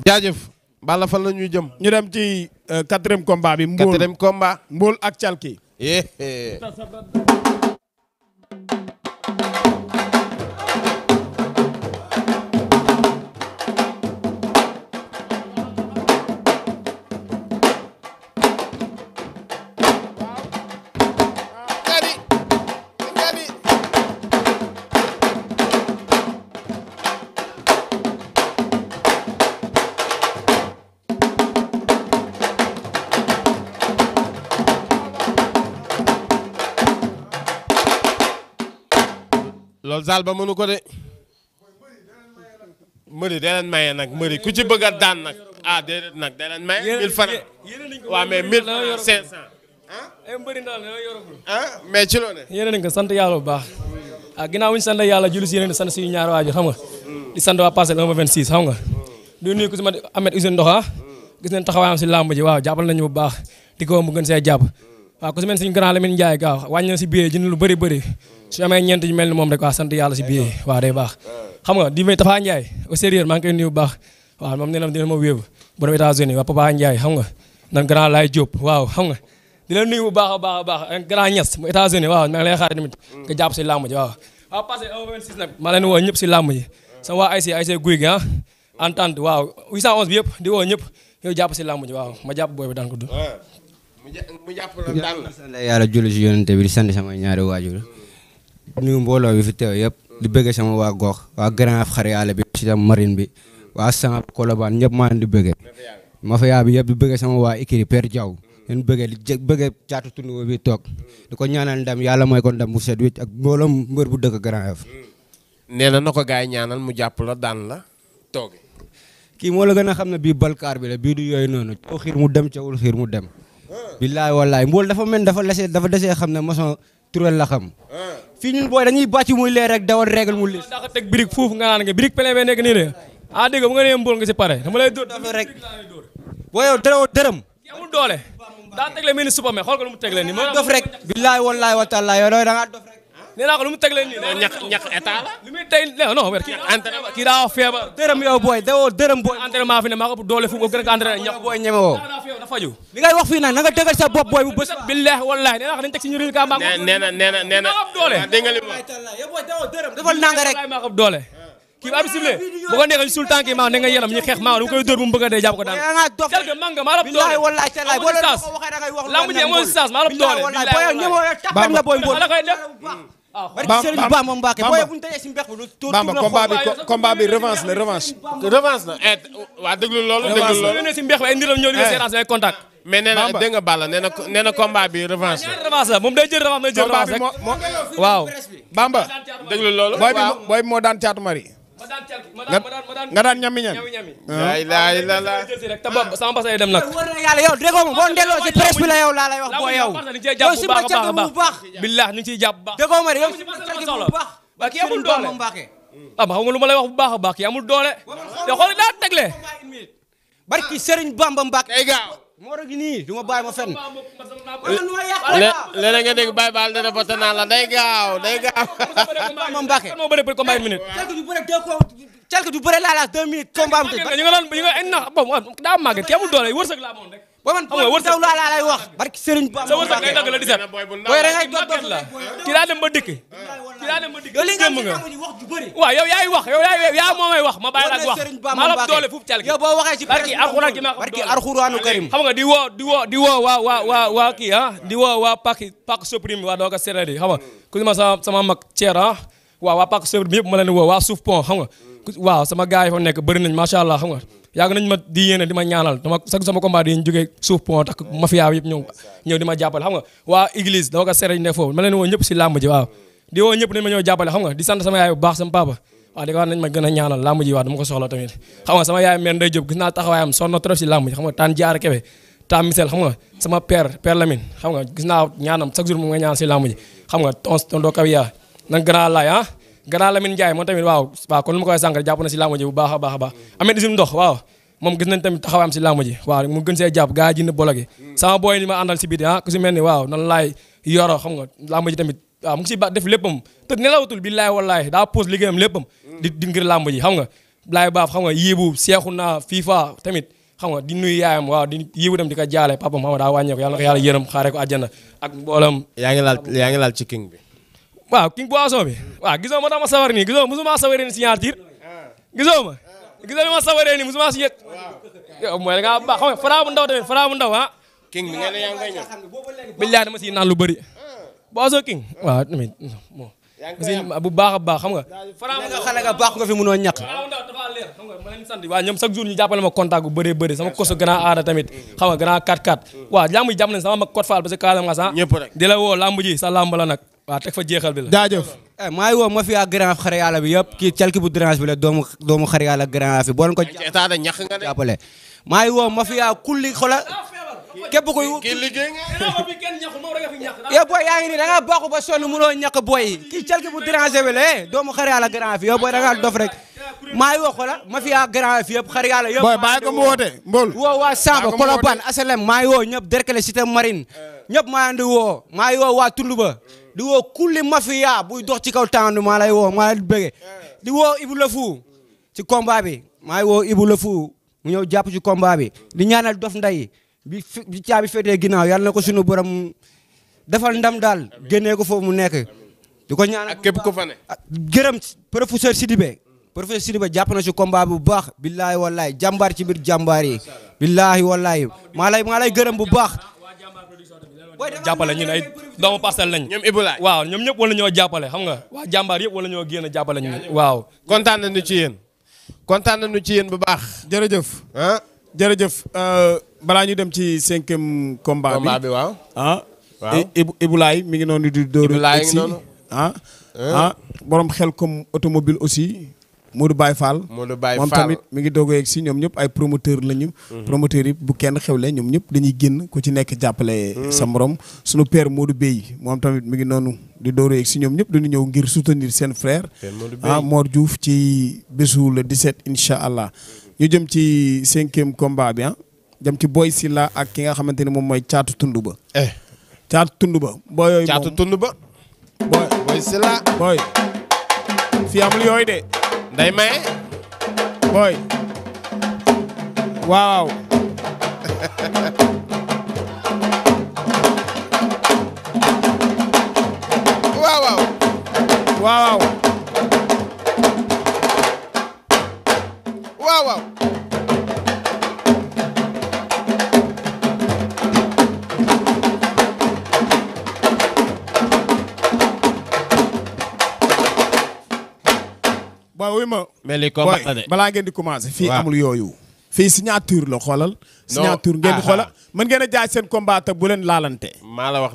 jaajëf Balla fan la ñuy jëm. ñu dem ci euh, quatrième combat bi. Mbool quatrième Mbool ak Calki. Eh, eh. loolu saal ba mënu ko de mëri da leen maye nag mëri ku ci bëgg a daan nag ah déedéet nag da leen maye 1000 francs waaw mais 1500 ah? Eh, ah mais ci loo ne ko sant yàlla bu baax ah ginnaaw ñu sant yàlla julli si yéen di sant suñu ñaar waajur xam nga di sant waa Parcelles 1 ba 26 xam nga du nuyu ku si ma Ahmed Usine Ndoxa gis nañ taxawaayam si làmb ji waaw jàppal nañu bu baax di ko mu gën see waaw ku si mel suñu grand Lamine Ndiaye gaaw wàññi na si billet jënd lu bëri bëri su amee ñeent ñu mel ni moom rek waaw sant yàlla si billet waaw day baax xam nga di may Tafa Ndiaye au sérieux maa ngi koy nuyu bu baax waaw moom nee na dina ma wéewu borom États-Unis waa Papa Ndiaye nga nan grand la nuyu bu baax a baax a baax grand Niass mu États-Unis waaw maa ngi lay xaar tamit nga ma jàpp booy bi daan mu jàpp la daan la sant yàlla julli fi teew yëpp di bëgge sama waa gox waa grand xar yàlla bi si tam marine bi waa sama bi yëpp di bëgge waa ikiri Père Diaw leen toog di ko ñaanal yàlla mooy ko ndam bu ak mbooloo mbër bu dëkk grand F na na ko gars yi mu jàpp la la tooge kii moo la gën a xam ne bii balkaar bi la bii du yooyu noonu caw xiir mu dem cawul xiir mu dem billaay wallaay mbool dafa mel dafa lese dafa desee xam ne maçon turel la xam fii ñun booy dañuy bàcc muy leer rek dawal règle mu lis ndax teg birig foofu nga naan nga birig plein bee nekk nii a ah dégg nga nee mbool nga si pare dama mu tegle nii rek billaay wallaay wa taala yow da dof nee naa ko lu mu teg leen nii. ñax ñax état la. li muy tey non wér kii entraînement kii daa feebar. dërëm yow booy dawoo dërëm booy. entraînement fi ne maa ko doole fu ko gën a entraîné ñax booy ñeme woo. dafa ju li ngay wax fii nag na nga dëggal sa bopp booy bu bës. billahi wallahi nee naa ko dañu teg si ñu rëy ka maa ko. nee na nee na nee na doole. dégg nga li ma yow booy dawoo dërëm dafa nanga rek. maa ko doole. kii ba arbitre sifflé bu ko neexee suul tànk yi maa ne nga yelam ñu xeex maa du koy dóor bu mu bëgg a dee jàpp ko daan quelque man nga maa la doole wallahi tallahi boo leen ko waxee da ngay wax lu lamb ji amul sens maa la doole billahi wallahi boy ñëmoo taxal nga boy mbon Ah, Bamba Bamba Bamba Mbacke booy bu ñu tëjee si mbéq bi. Bamba combat bi combat bi eh, loolu. déglu loolu ñu ne si mbéq bi ay ndiram ñoo di nga eh. séance ay contact. mais nee na dégg nga na nee na combat bi revanche loolu booy bi moo daan caatu mari nga daan ñami ñami ay la la la te boobu sama basa dem nag war na yàlla yow déggoo ma boo delloo ci presse bi la yow laa lay boo yow yow si ma càgg bu baax billaah ñu ciy jàpp bu baax yow si ma càgg bu baax ba kii amul doole ah ma a tegle barki Serigne Bamba Mbacke ah, Mor gi nii du ma bàyyi ma fenn. léeg-léeg nga dégg Baye Baal dana ba tanaan la day gaaw day gaaw. moom Mbacke kan moo bëri pour combat une minute. quelque du bëre deux ko quelque du bëre laalaas deux minutes. combat am te ñu nga doon ñu nga ay nax boobu daa màgg kii amul doole wërsëg laa moom rek. booy man booy bu taw laa laa lay wax. barki Serigne Ba sa wërsëg ngay dagg la di set. booy da ngay doog doog la kii daa ba dikk. kii daa ba dikk démb nga. waaw yow yaay wax yow yaay yaa moomay wax ma bàyyi la ak wax ma boo waxee ci barki alxuraan karim. xam di woo di woo di woo waa waa waa waa kii ah di woo waa Pàcc Pàcc Suprême waa a séeréer yi xam nga ku ma sama sama mag Thier ah waa waa Pàcc Suprême yëpp ma leen di woo waa suuf pont waaw sama gars yi fa nekk bëri nañ macha allah xam nga yàgg nañ ma di yéene di ma ñaanal dama sax sama combat yi ñu jógee suuf pont ak mafia yëpp ñëw di ma jàppale xam nga di woo sama yaay baax sama papa waaw di ko wax nañ ma gën a ñaanal làmb ji waaw dama ko soxla tamit xam nga sama yaay meen day gis naa taxawaayam sonn na trop si làmb ji xam nga taan jaar kebe taan misel xam nga sama père père xam nga gis naa ñaanam chaque jour mu nga ñaan Grand Lamine Ndiaye moom tamit waaw waaw kon lu ma koy sànq jàpp na si làmb ji bu baax a baax a baax mm. amet isim ndox waaw moom gis nañ tamit taxawaam si làmb ji waaw mu gën see jàpp gaa yi jënd bolo gi mm. sama booy ni ma àndal si ah, ni waaw nan laay yoro xam nga làmb ji tamit waaw mu ngi si ba def léppam te nelawatul billaay wallaay daa pose liggéeyam léppam mm. di di ngir làmb ji xam nga laay baaf xam nga yiibu seexu naa FIFA tamit xam nga di nuyu yaayam waaw di yiibu tam di ko jaale papam xam nga daa wàññeeku yàlla na ko yàlla yërëm xaaree ko àjjana ak mboolam yaa ngi laal yaa ngi laal ci king bi waaw king boisson bi waaw gisoo ma tax ma sawar nii gisoo mosuma sawaree ni signature gisoo ma gisoo ma sawaree ni mosuma si yëg yow mooy da ngaa baax xam nga Fra bu ndaw tamit Fra bu ndaw ah. king bi nga ne yaa ngi koy ñëw. billaay dama siy naan lu bëri. boisson king ah. waaw tamit bon. bu baax a baax xam nga. Fra bu ndaw xale nga baax nga fi mënoo ñàkk. Fra bu ndaw dafa leer xam nga ma leen sant waaw ñoom chaque jour ñu jàppale ma contact bu bëree bëri sama kosu grand aada tamit xam nga grand 4-4. Mm. waaw làmb ji jàpp nañ sama mag code faal parce que Casamance ah. ñëpp rek di la woo làmb ji sa làmb la nag waaw teg fa jeexal bi la jaajëf eh, maa ngi woo ma fi ak grand xare yàlla bi yëpp kii calki bu dérange bi la doomu doomu xare yàlla grand fi boo leen ko jàppale maa ngi woo ma fi ak kulli xola képp kuy kii liggéey nga yow booy yaa ngi nii da ngaa bokk ba sonn mënoo ñàkk booy kii calki bu dérange bi la eh, doomu xare yàlla grand fi yow booy da ngaa dof rek maa ngi woo xola ma fi ak grand fi yëpp xare yàlla yëpp booy bàyyi ko mu woote mbool woo waa Samba Kolobane asalem maa ngi woo ñëpp Derklé Cité Marine eh. ñëpp maa ngi woo maa ngi woo waa Tunduba di woo kulli mafia buy dox ci kaw temps maa lay woo maa lay bëggee di woo Ibou Lafou ci combat bi maa ngi woo Ibou Lafou mu ñëw jàpp ci combat bi di ñaanal dof nday bi bi caabi féetee ginnaaw yàlla na ko sunu borom defal ndam daal génnee ko foofu mu nekk. di ko ñaanal ak képp ko fa ne. Ah, gërëm professeur Sidibé professeur Sidibé jàpp na si combat bu baax billaahi wallaahi jàmbaar ci biir jàmbaar yi billaahi wallaahi maa lay maa bu baax. jàppale ñun ay doomu parcelle lañ ñoom Ibulaay waaw ñoom ñëpp wala ñoo jàppale xam nga waa jàmbaar yëpp wala ñoo génn jàppale ñu waaw kontaan nañu ci yéen kontaan nañu ci yéen bu baax jërëjëf jërëjëf euh, balaa ñu dem ci cinquième combat bi ah. Ibulaay mi ngi noonu di dóor Ibulaay ngi ah. Ah. borom xel comme automobile aussi Modou Baye Fall Modou Baye Fall moom tamit mi ngi doog a yegg ñoom ñëpp ay promoteur lañu. Mhm. promoteur yi bu kenn xewle ñoom ñëpp dañuy génn ku ci nekk jàppale mhm. sa morom suñu père Modou Bey moom tamit mi ngi noonu di door a si ñoom ñëpp dañu ñëw ngir soutenir seen frère ah Mor Diouf ci bésu le 17 incha allah ñu jëm ci cinquième combat bi ah. ci Boy Silla ak ki nga xamante ne moom mooy caatu tund ba eh. caatu tund ba boo yooyu caatu tund ba yooyu de day maye. waaw. waaw. waaw. waaw. waaw. booy wuy ma. ko balaa ngeen di commencé. fii amul yooyu. fii signature la xoolal. signature ngeen di ah, xoolal ah. mën ngeen a jaay seen combat te bu leen laalante. maa la wax.